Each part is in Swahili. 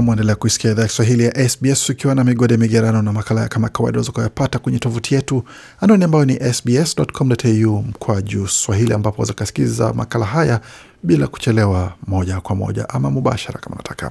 na mwendelea kuisikia idhaa ya Kiswahili ya SBS ukiwa na migode migerano na makala kama kawaida unaweza kuyapata kwenye tovuti yetu anaoni ambayo ni sbs.com.au mkwa juu swahili, ambapo unaweza kusikiliza makala haya bila kuchelewa, moja kwa moja ama mubashara kama nataka.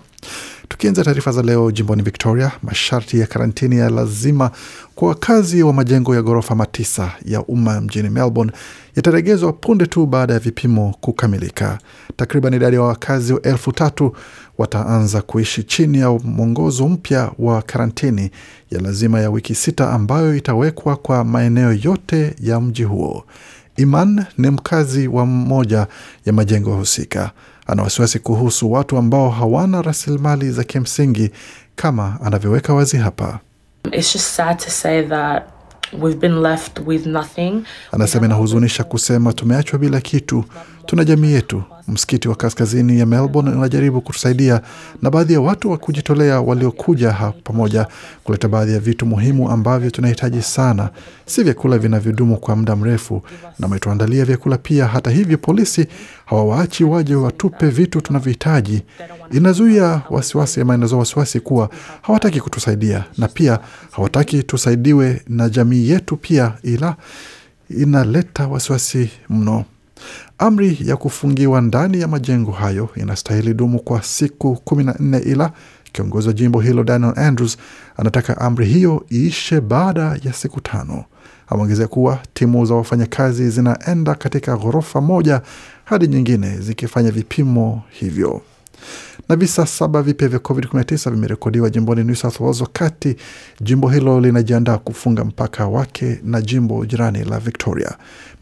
Tukianza taarifa za leo, jimboni Victoria, masharti ya karantini ya lazima kwa wakazi wa majengo ya ghorofa matisa ya umma mjini Melbourne yataregezwa punde tu baada ya vipimo kukamilika. Takriban idadi ya wakazi elfu tatu wataanza kuishi chini ya mwongozo mpya wa karantini ya lazima ya wiki sita ambayo itawekwa kwa maeneo yote ya mji huo. Iman ni mkazi wa mmoja ya majengo husika. Ana wasiwasi kuhusu watu ambao hawana rasilimali za kimsingi kama anavyoweka wazi hapa. It's just sad to say that we've been left with nothing. Anasema inahuzunisha kusema tumeachwa bila kitu. Tuna jamii yetu. Msikiti wa kaskazini ya Melbourne unajaribu kutusaidia na baadhi ya watu wa kujitolea waliokuja hapa pamoja kuleta baadhi ya vitu muhimu ambavyo tunahitaji sana, si vyakula vinavyodumu kwa muda mrefu, na wametuandalia vyakula pia. Hata hivyo, polisi hawawaachi waje watupe vitu tunavyohitaji. Inazuia wasiwasi ama inazua wasiwasi kuwa hawataki kutusaidia, na pia hawataki tusaidiwe na jamii yetu pia, ila inaleta wasiwasi mno. Amri ya kufungiwa ndani ya majengo hayo inastahili dumu kwa siku kumi na nne ila kiongozi wa jimbo hilo Daniel Andrews anataka amri hiyo iishe baada ya siku tano. Ameongezea kuwa timu za wafanyakazi zinaenda katika ghorofa moja hadi nyingine zikifanya vipimo hivyo na visa saba vipya vya COVID-19 vimerekodiwa jimboni New South Wales, wakati jimbo hilo linajiandaa kufunga mpaka wake na jimbo jirani la Victoria.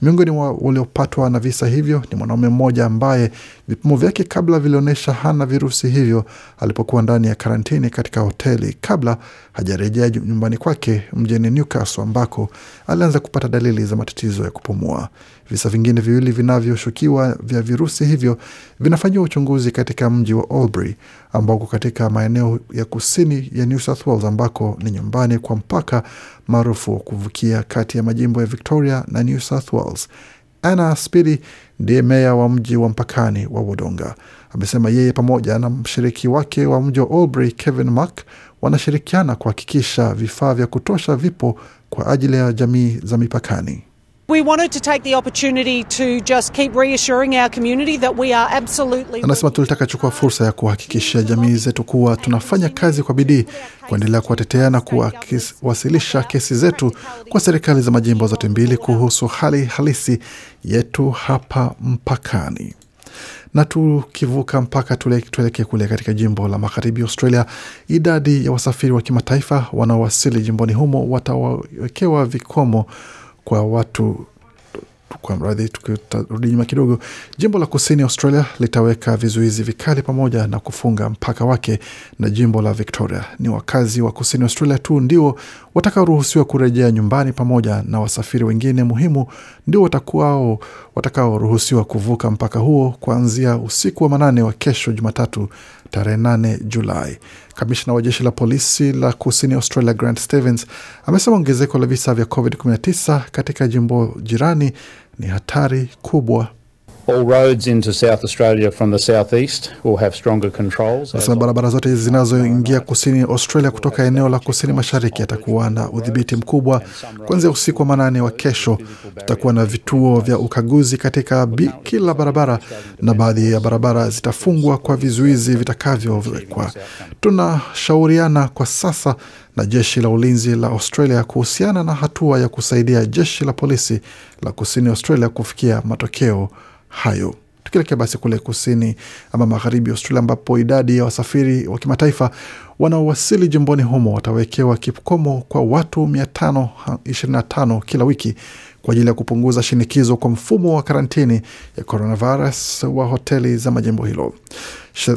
Miongoni mwa waliopatwa na visa hivyo ni mwanaume mmoja ambaye Vipimo vyake kabla vilionyesha hana virusi hivyo alipokuwa ndani ya karantini katika hoteli kabla hajarejea nyumbani kwake mjini Newcastle ambako alianza kupata dalili za matatizo ya kupumua. Visa vingine viwili vinavyoshukiwa vya virusi hivyo vinafanyiwa uchunguzi katika mji wa Albury ambako katika maeneo ya kusini ya New South Wales ambako ni nyumbani kwa mpaka maarufu wa kuvukia kati ya majimbo ya Victoria na New South Wales. Ana Aspiri ndiye meya wa mji wa mpakani wa Wodonga. Amesema yeye pamoja na mshiriki wake wa mji wa Albury, Kevin Mark, wanashirikiana kuhakikisha vifaa vya kutosha vipo kwa ajili ya jamii za mipakani. Anasema tulitaka chukua fursa ya kuhakikishia jamii zetu kuwa tunafanya kazi kwa bidii kuendelea kuwatetea na kuwasilisha kesi zetu kwa serikali za majimbo zote mbili kuhusu hali halisi yetu hapa mpakani na tukivuka mpaka tuelekee kule katika jimbo la magharibi Australia, idadi ya wasafiri wa kimataifa wanaowasili jimboni humo watawekewa vikomo kwa watu kwa mradhi, tukirudi nyuma kidogo, jimbo la kusini Australia litaweka vizuizi vikali pamoja na kufunga mpaka wake na jimbo la Victoria. Ni wakazi wa kusini Australia tu ndio watakaoruhusiwa kurejea nyumbani, pamoja na wasafiri wengine muhimu ndio watakuwao watakaoruhusiwa kuvuka mpaka huo kuanzia usiku wa manane wa kesho Jumatatu tarehe 8 Julai. Kamishna wa jeshi la polisi la kusini Australia Grant Stevens amesema ongezeko la visa vya COVID-19 katika jimbo jirani ni hatari kubwa Anasema barabara zote zinazoingia kusini Australia kutoka eneo la kusini mashariki atakuwa na udhibiti mkubwa. Kuanzia usiku wa manane wa kesho, tutakuwa na vituo vya ukaguzi katika kila barabara, na baadhi ya barabara zitafungwa kwa vizuizi vitakavyowekwa. Tunashauriana kwa sasa na jeshi la ulinzi la Australia kuhusiana na hatua ya kusaidia jeshi la polisi la kusini Australia kufikia matokeo hayo. Tukielekea basi kule kusini ama magharibi Australia, ambapo idadi ya wasafiri wa kimataifa wanaowasili jimboni humo watawekewa kikomo kwa watu 525 kila wiki kwa ajili ya kupunguza shinikizo kwa mfumo wa karantini ya coronavirus wa hoteli za majimbo hilo.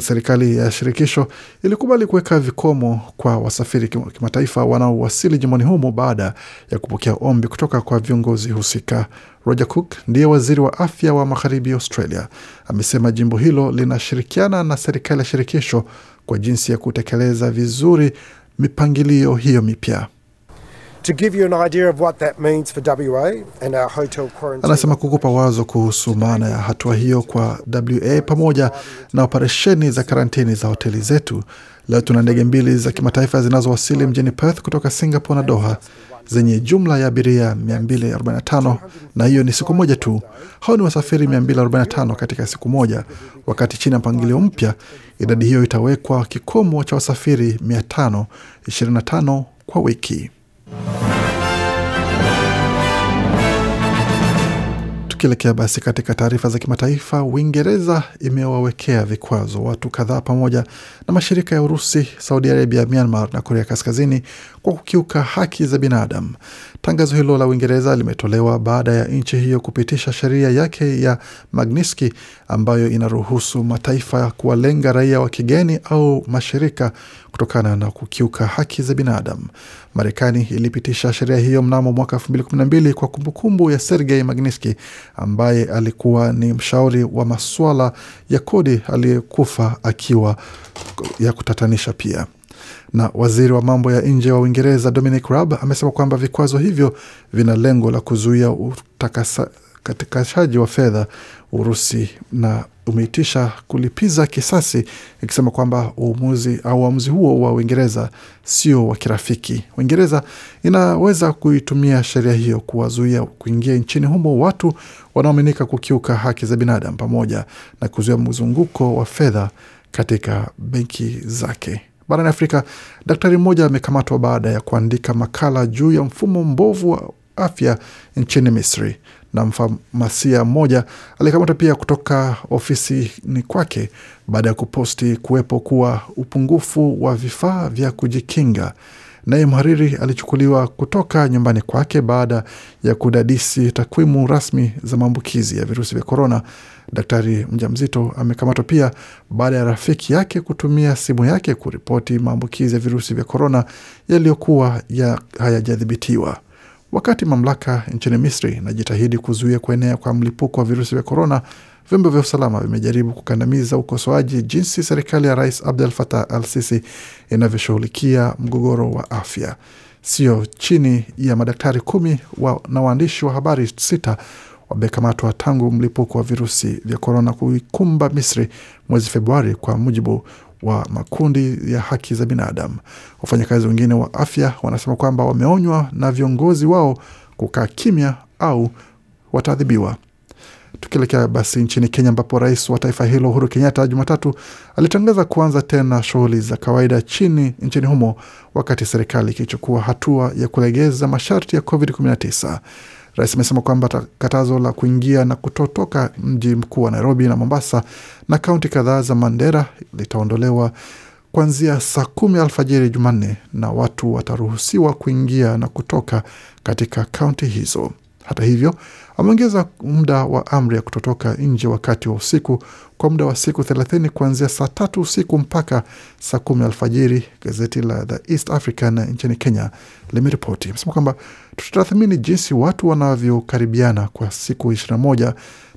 Serikali ya shirikisho ilikubali kuweka vikomo kwa wasafiri kimataifa wanaowasili jimboni humo baada ya kupokea ombi kutoka kwa viongozi husika. Roger Cook ndiye waziri wa afya wa magharibi Australia, amesema jimbo hilo linashirikiana na serikali ya shirikisho kwa jinsi ya kutekeleza vizuri mipangilio hiyo mipya. Anasema kukupa wazo kuhusu maana ya hatua hiyo kwa WA pamoja na operesheni za karantini za hoteli zetu. Leo tuna ndege mbili za kimataifa zinazowasili mjini Perth kutoka Singapore na Doha zenye jumla ya abiria 245 na hiyo ni siku moja tu. Hao ni wasafiri 245 katika siku moja, wakati chini ya mpangilio mpya idadi hiyo itawekwa kikomo cha wasafiri 525 kwa wiki. Tukielekea basi katika taarifa za kimataifa, Uingereza imewawekea vikwazo watu kadhaa pamoja na mashirika ya Urusi, Saudi Arabia, Myanmar na Korea Kaskazini kwa kukiuka haki za binadamu. Tangazo hilo la Uingereza limetolewa baada ya nchi hiyo kupitisha sheria yake ya Magnitsky ambayo inaruhusu mataifa kuwalenga raia wa kigeni au mashirika kutokana na kukiuka haki za binadamu. Marekani ilipitisha sheria hiyo mnamo mwaka mbili kwa kumbukumbu ya Sergei Magnitsky ambaye alikuwa ni mshauri wa maswala ya kodi aliyekufa akiwa ya kutatanisha pia na waziri wa mambo ya nje wa Uingereza Dominic Raab amesema kwamba vikwazo hivyo vina lengo la kuzuia utakatishaji wa fedha Urusi na umeitisha kulipiza kisasi, ikisema kwamba uamuzi au uamuzi huo wa Uingereza sio wa kirafiki. Uingereza inaweza kuitumia sheria hiyo kuwazuia kuingia nchini humo watu wanaoaminika kukiuka haki za binadamu pamoja na kuzuia mzunguko wa fedha katika benki zake. Barani Afrika, daktari mmoja amekamatwa baada ya kuandika makala juu ya mfumo mbovu wa afya nchini Misri na mfamasia mmoja alikamatwa pia kutoka ofisini kwake baada ya kuposti kuwepo kuwa upungufu wa vifaa vya kujikinga. Naye mhariri alichukuliwa kutoka nyumbani kwake baada ya kudadisi takwimu rasmi za maambukizi ya virusi vya korona. Daktari mjamzito amekamatwa pia baada ya rafiki yake kutumia simu yake kuripoti maambukizi ya virusi vya korona yaliyokuwa ya hayajadhibitiwa. Wakati mamlaka nchini Misri inajitahidi kuzuia kuenea kwa mlipuko wa virusi vya korona, vyombo vya usalama vimejaribu kukandamiza ukosoaji jinsi serikali ya Rais Abdel Fattah al Sisi inavyoshughulikia mgogoro wa afya. Sio chini ya madaktari kumi wa, na waandishi wa habari sita wamekamatwa tangu mlipuko wa virusi vya korona kuikumba Misri mwezi Februari, kwa mujibu wa makundi ya haki za binadamu. Wafanyakazi wengine wa afya wanasema kwamba wameonywa na viongozi wao kukaa kimya au wataadhibiwa. Tukielekea basi nchini Kenya, ambapo rais wa taifa hilo Uhuru Kenyatta Jumatatu alitangaza kuanza tena shughuli za kawaida chini nchini humo, wakati serikali ikichukua hatua ya kulegeza masharti ya COVID-19. Rais amesema kwamba katazo la kuingia na kutotoka mji mkuu wa Nairobi na Mombasa na kaunti kadhaa za Mandera litaondolewa kuanzia saa kumi alfajiri Jumanne, na watu wataruhusiwa kuingia na kutoka katika kaunti hizo. Hata hivyo, ameongeza muda wa amri ya kutotoka nje wakati wa usiku kwa muda wa siku thelathini kuanzia saa tatu usiku mpaka saa kumi alfajiri. Gazeti la The East African nchini Kenya limeripoti amesema kwamba tutatathmini jinsi watu wanavyokaribiana kwa siku ishirini na moja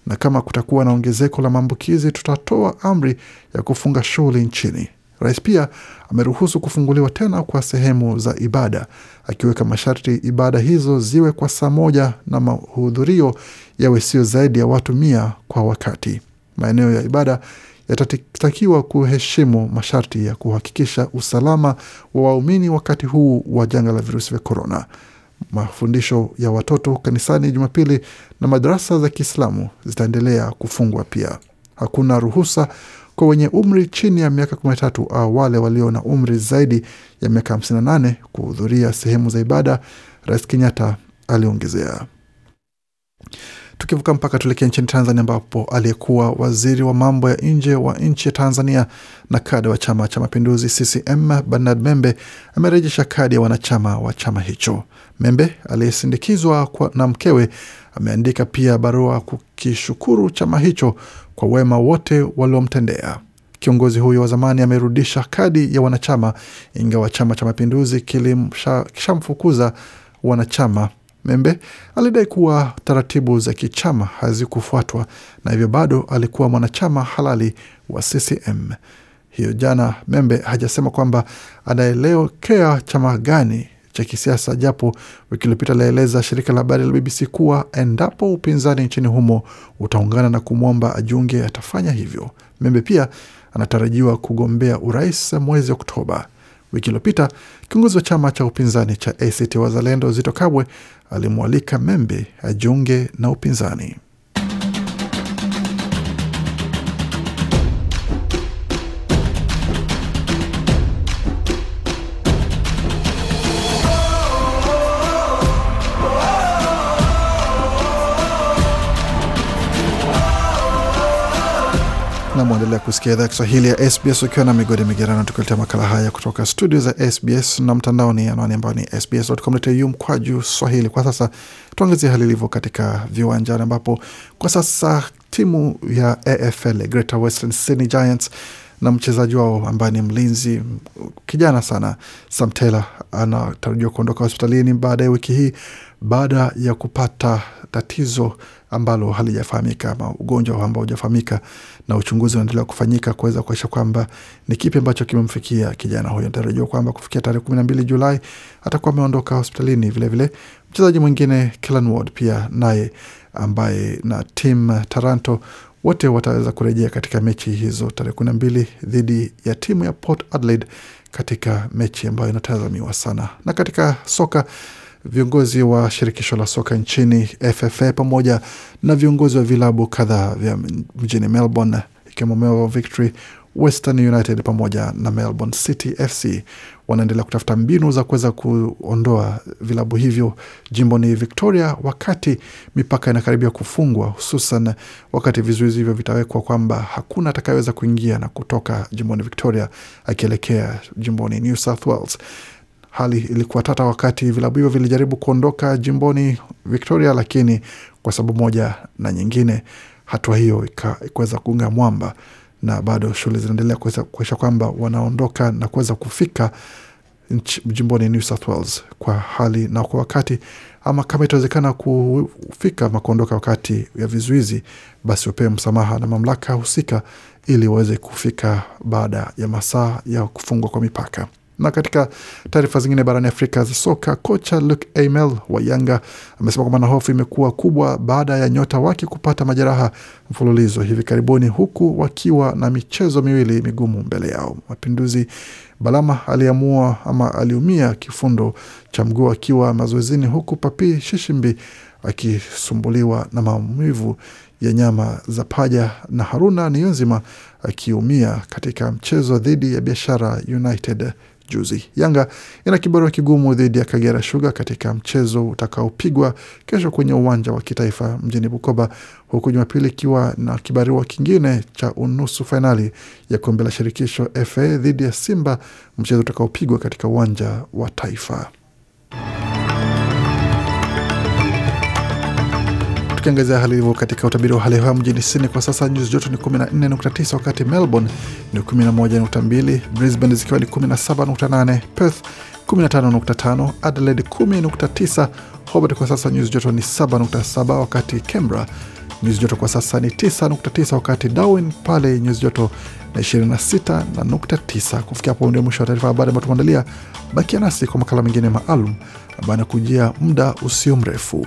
na kama kutakuwa na ongezeko la maambukizi tutatoa amri ya kufunga shughuli nchini. Rais pia ameruhusu kufunguliwa tena kwa sehemu za ibada, akiweka masharti ibada hizo ziwe kwa saa moja na mahudhurio yawe sio zaidi ya watu mia kwa wakati. Maeneo ya ibada yatatakiwa kuheshimu masharti ya kuhakikisha usalama wa waumini wakati huu wa janga la virusi vya korona. Mafundisho ya watoto kanisani Jumapili na madarasa za Kiislamu zitaendelea kufungwa pia. Hakuna ruhusa kwa wenye umri chini ya miaka 13 au wale walio na umri zaidi ya miaka 58 kuhudhuria sehemu za ibada, Rais Kenyatta aliongezea. Tukivuka mpaka tuelekea nchini Tanzania, ambapo aliyekuwa waziri wa mambo ya nje wa nchi ya Tanzania na kada wa Chama cha Mapinduzi CCM Bernard Membe amerejesha kadi ya wanachama wa chama hicho. Membe aliyesindikizwa na mkewe ameandika pia barua kukishukuru chama hicho kwa wema wote waliomtendea. Kiongozi huyo wa zamani amerudisha kadi ya wanachama, ingawa Chama cha Mapinduzi kilishamfukuza wanachama Membe alidai kuwa taratibu za kichama hazikufuatwa na hivyo bado alikuwa mwanachama halali wa CCM. Hiyo jana, Membe hajasema kwamba anaelekea chama gani cha kisiasa, japo wiki iliyopita alieleza shirika la habari la BBC kuwa endapo upinzani nchini humo utaungana na kumwomba ajiunge atafanya hivyo. Membe pia anatarajiwa kugombea urais mwezi Oktoba. Wiki iliyopita kiongozi wa chama cha upinzani cha ACT Wazalendo Zito Kabwe alimwalika Membe ajiunge na upinzani. na mwendelea kusikia idhaa Kiswahili ya SBS ukiwa na migodi migerano, tukuletea makala haya kutoka studio za SBS na mtandaoni, anwani ambayo ni sbs.com.au juu swahili. Kwa sasa tuangazie hali ilivyo katika viwanjani, ambapo kwa sasa timu ya AFL Greater Western Sydney Giants na mchezaji wao ambaye ni mlinzi kijana sana Sam Taylor anatarajiwa kuondoka hospitalini baada ya wiki hii baada ya kupata tatizo ambalo halijafahamika ama ugonjwa ambao hujafahamika, na uchunguzi unaendelea kufanyika kuweza kuakisha kwamba ni kipi ambacho kimemfikia kijana huyo. Natarajiwa kwamba kufikia tarehe kumi na mbili Julai atakuwa ameondoka hospitalini. Vilevile mchezaji mwingine Kellen Ward pia naye ambaye na timu Taranto wote wataweza kurejea katika mechi hizo tarehe kumi na mbili dhidi ya timu ya Port Adelaide katika mechi ambayo inatazamiwa sana. Na katika soka viongozi wa shirikisho la soka nchini FFA pamoja na viongozi wa vilabu kadhaa vya mjini Melbourne ikiwemo Melbourne Victory Western United pamoja na Melbourne City FC wanaendelea kutafuta mbinu za kuweza kuondoa vilabu hivyo jimboni Victoria, wakati mipaka inakaribia kufungwa, hususan wakati vizuizi hivyo vitawekwa kwamba hakuna atakayeweza kuingia na kutoka jimboni Victoria akielekea jimboni New South Wales. Hali ilikuwa tata wakati vilabu hivyo vilijaribu kuondoka jimboni Victoria, lakini kwa sababu moja na nyingine, hatua hiyo ikaweza kuunga mwamba na bado shughuli zinaendelea kuesha kwamba wanaondoka na kuweza kufika jimboni New South Wales kwa hali na kwa wakati, ama kama itawezekana kufika ama kuondoka wakati ya vizuizi, basi wapewe msamaha na mamlaka husika ili waweze kufika baada ya masaa ya kufungwa kwa mipaka. Na katika taarifa zingine barani Afrika za soka, kocha Luke Amel wa Yanga amesema kwamba hofu imekuwa kubwa baada ya nyota wake kupata majeraha mfululizo hivi karibuni, huku wakiwa na michezo miwili migumu mbele yao. Mapinduzi Balama aliamua ama aliumia kifundo cha mguu akiwa mazoezini, huku Papi Shishimbi akisumbuliwa na maumivu ya nyama za paja na Haruna Niyonzima akiumia katika mchezo dhidi ya Biashara United juzi. Yanga ina kibarua kigumu dhidi ya Kagera Sugar katika mchezo utakaopigwa kesho kwenye uwanja wa kitaifa mjini Bukoba, huku Jumapili ikiwa na kibarua kingine cha unusu fainali ya kombe la shirikisho FA dhidi ya Simba, mchezo utakaopigwa katika uwanja wa taifa. Tukiangazia hali hivyo katika utabiri wa hali hewa mjini Sydney kwa sasa nyuzi joto ni 14.9, wakati Melbourne ni 11.2, Brisbane zikiwa ni 17.8, Perth 15.5, Adelaide 10.9, Hobart kwa sasa nyuzi joto ni 7.7, wakati Canberra nyuzi joto kwa sasa ni 9.9, wakati Darwin pale nyuzi joto na 26.9. Kufikia hapo ndio mwisho wa taarifa habari ambayo tumeandalia. Bakia nasi kwa makala mengine maalum ambayo anakujia muda usio mrefu.